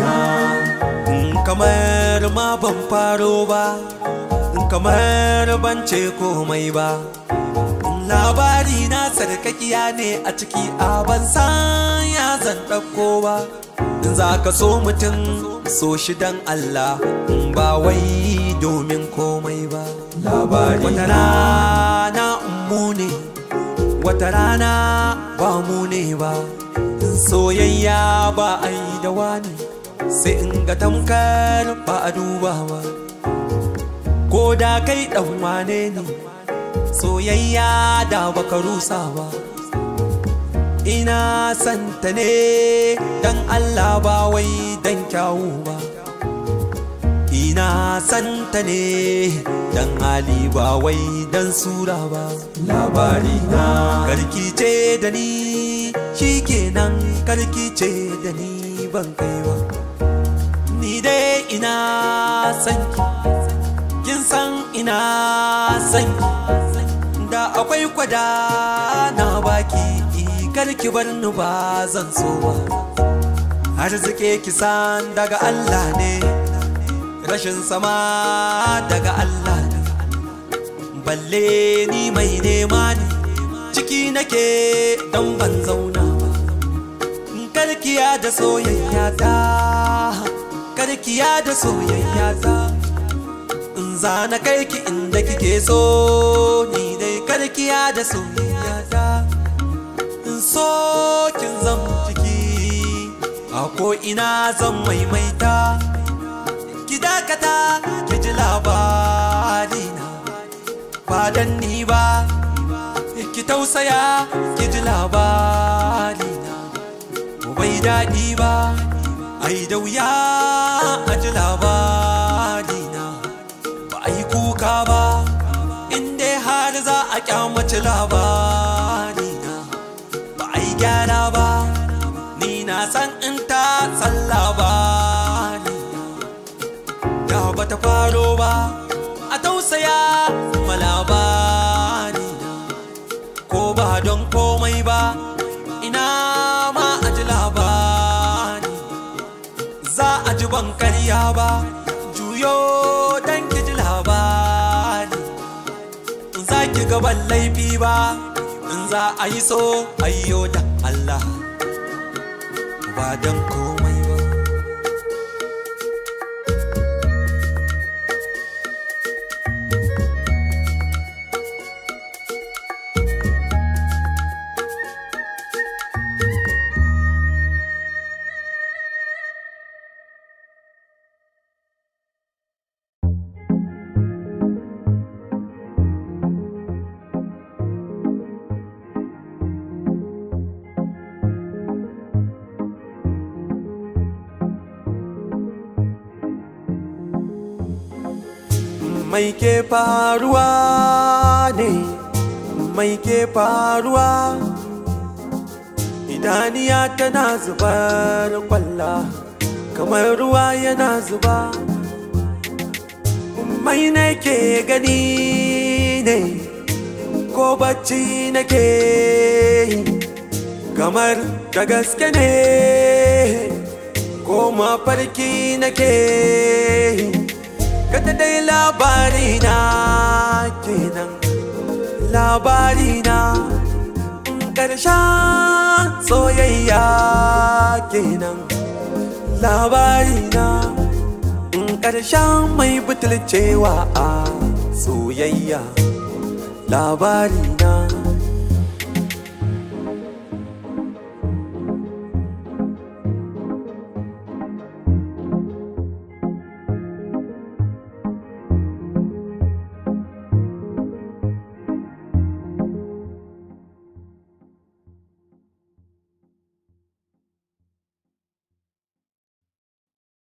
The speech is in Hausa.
na kamar ma ban faro ba kamar ban ce komai ba labari na sarkakiya ne a ciki a ban san ya zan ɗauko ba in za ka so mutum so shi dan Allah ba wai domin komai ba labari wata rana mu ne wata rana ba mu ne ba soyayya ba ai da wani sai in ga tamkar ba a dubawa ko da kai ɗan wane ne soyayya da baka rusawa ina santa ne dan Allah ba wai dan kyawu ba ina santa ne dan Ali ba wai dan sura ba labari na ce da ni shikenan karkice da ni ban kaiwa ina san kin san ina san da akwai kwada na baki kar ki bar ni ba zan so ba arzike ki san daga Allah ne rashin sama daga Allah ne balle ni mai nema ne ciki nake dan ban zauna karkiya da soyayya ta karkiya da soyayya ta in zana kai ki inda kike so ni dai karkiya da soyayya ta in so kin zan ciki a ko ina zan maimaita ki dakata ki ji labari na ba dan ni ba ki tausaya ki ji labari na bai daɗi ba ai da wuya a ji labari na ba a yi kuka ba inda har za a kyamaci labari na ba a yi gyara ba ni na san in ta san labari na da ba ta faro ba a tausaya a ji ban karya ba juyo dan ki ji labari in za ki ga ban laifi ba in za a yi so ayyo Allah ba dan komai mai ke faruwa ne mai ke faruwa idaniya tana zubar kwalla kamar ruwa yana zuba mai ne ke gani ne ko bacci nake ke kamar da gaske ne ko mafarki nake yi dai labari na kenan labari na ƙarshen soyayya kenan labari na ƙarshen mai butulcewa a soyayya labari na